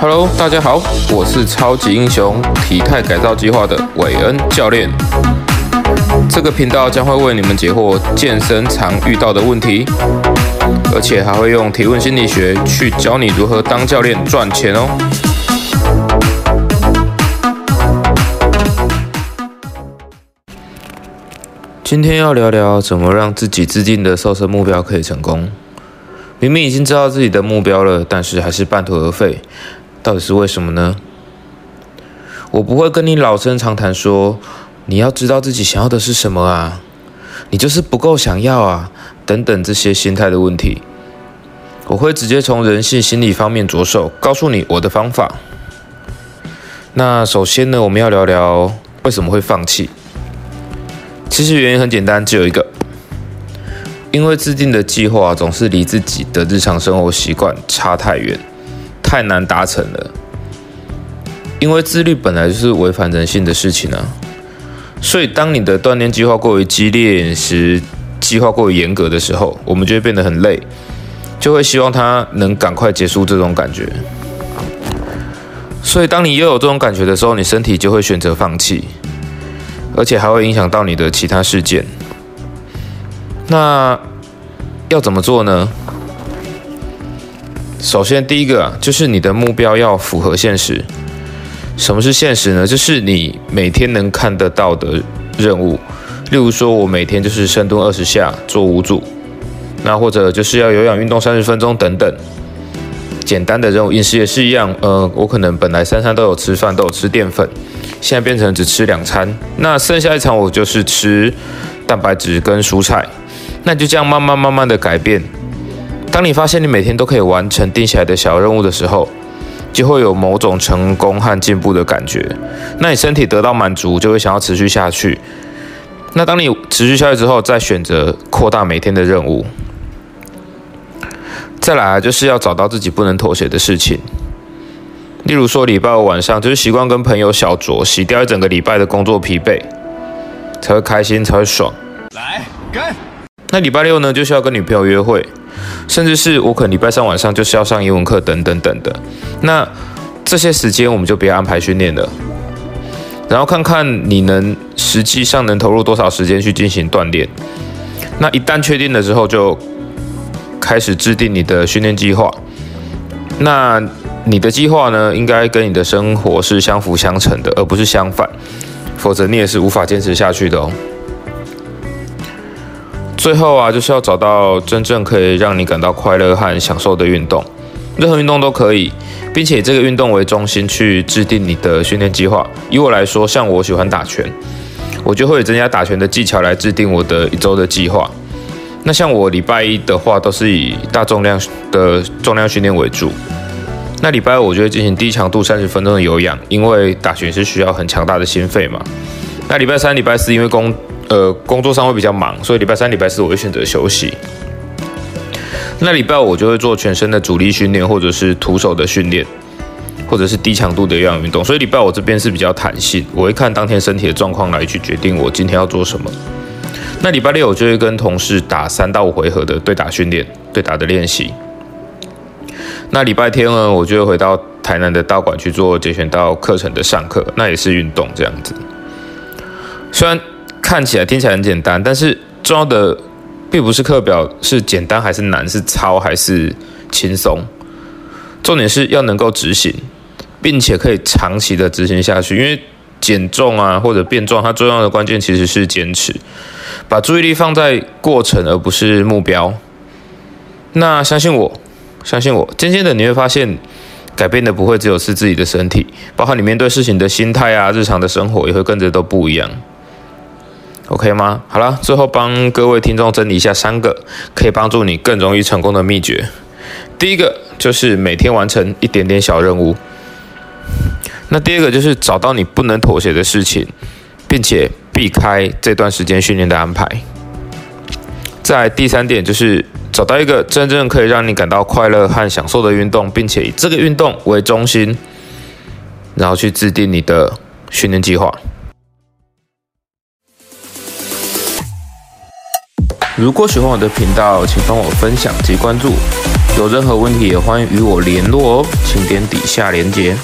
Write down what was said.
Hello，大家好，我是超級英雄體態改造計劃的韋恩教練。這個頻道將會為你們解惑健身常遇到的問題，而且還會用提問心理學去教你如何當教練賺錢哦。今天要聊聊怎麼讓自己制定的瘦身目標可以成功。明明已經知道自己的目標了，但是還是半途而廢。到底是為什麼呢？我不會跟你老生常談說，你要知道自己想要的是什麼啊，你就是不夠想要啊，等等這些心態的問題。我會直接從人性心理方面着手，告訴你我的方法。那首先呢，我們要聊聊為什麼會放棄。其實原因很簡單，只有一個，因為制定的計劃總是離自己的日常生活習慣差太遠。太難達成了，因為自律本來就是違反人性的事情啊。所以，當你的鍛鍊計劃過於激烈，飲食計劃過於嚴格的時候，我們就會變得很累，就會希望他能趕快結束這種感覺。所以，當你又有這種感覺的時候，你身體就會選擇放棄，而且還會影響到你的其他事件。那要怎麼做呢？首先，第一個啊，就是你的目標要符合現實。什麼是現實呢？就是你每天能看得到的任務。例如說，我每天就是深蹲二十下，做五組；那或者就是要有氧運動三十分鐘等等。簡單的任務，飲食也是一樣。呃，我可能本來三餐都有吃飯，都有吃澱粉，現在變成只吃兩餐。那剩下一餐我就是吃蛋白質跟蔬菜。那就這樣慢慢慢慢的改變。當你發現你每天都可以完成定下來的小任務的時候，就會有某種成功和進步的感覺。那你身體得到滿足，就會想要持續下去。那當你持續下去之後，再選擇擴大每天的任務。再來就是要找到自己不能妥協的事情。例如說，禮拜五晚上就是習慣跟朋友小酌，洗掉一整個禮拜的工作疲憊，才會開心，才會爽。來乾！跟那禮拜六呢，就是要跟女朋友約會。甚至是我可能禮拜三晚上就是要上英文課等等等的，那這些時間我們就別安排訓練了，然後看看你能實際上能投入多少時間去進行鍛煉。那一旦確定了之後，就開始制定你的訓練計劃。那你的計劃呢，應該跟你的生活是相輔相成的，而不是相反，否則你也是無法堅持下去的哦。最後啊，就是要找到真正可以讓你感到快樂和享受的運動，任何運動都可以，並且以這個運動為中心去制定你的訓練計劃。以我來說，像我喜歡打拳，我就會增加打拳的技巧來制定我的一周的計劃。那像我禮拜一的話，都是以大重量的重量訓練為主。那禮拜二我就會進行低強度三十分鐘的有氧，因為打拳是需要很強大的心肺嘛。那禮拜三、禮拜四因為工呃，工作上會比較忙，所以禮拜三、禮拜四我會選擇休息。那禮拜五我就會做全身的阻力訓練，或者是徒手的訓練，或者是低強度的有氧運動。所以禮拜五我這邊是比較彈性，我會看當天身體的狀況來去決定我今天要做什麼。那禮拜六我就會跟同事打三到五回合的對打訓練，對打的練習。那禮拜天呢，我就會回到台南的道館去做截拳道課程的上課，那也是運動這樣子。雖然。看起來聽起來很簡單，但是重要的並不是課表是簡單還是難，是超還是輕鬆，重點是要能夠執行，並且可以長期的執行下去。因為減重啊，或者變重，它重要的關鍵其實是堅持，把注意力放在過程而不是目標。那相信我，相信我，漸漸的你會發現，改變的不會只有是自己的身體，包括你面對事情的心態啊，日常的生活也會跟着都不一樣。OK 嗎？好了，最後幫各位聽眾整理一下三個可以幫助你更容易成功的秘訣。第一個就是每天完成一點點小任務。那第二個就是找到你不能妥協的事情，並且避開這段時間訓練的安排。再來第三點就是找到一個真正可以讓你感到快樂和享受的運動，並且以這個運動為中心，然後去制定你的訓練計劃。如果喜歡我的頻道，請幫我分享及關注。有任何問題也歡迎與我聯絡哦，請點底下鏈接。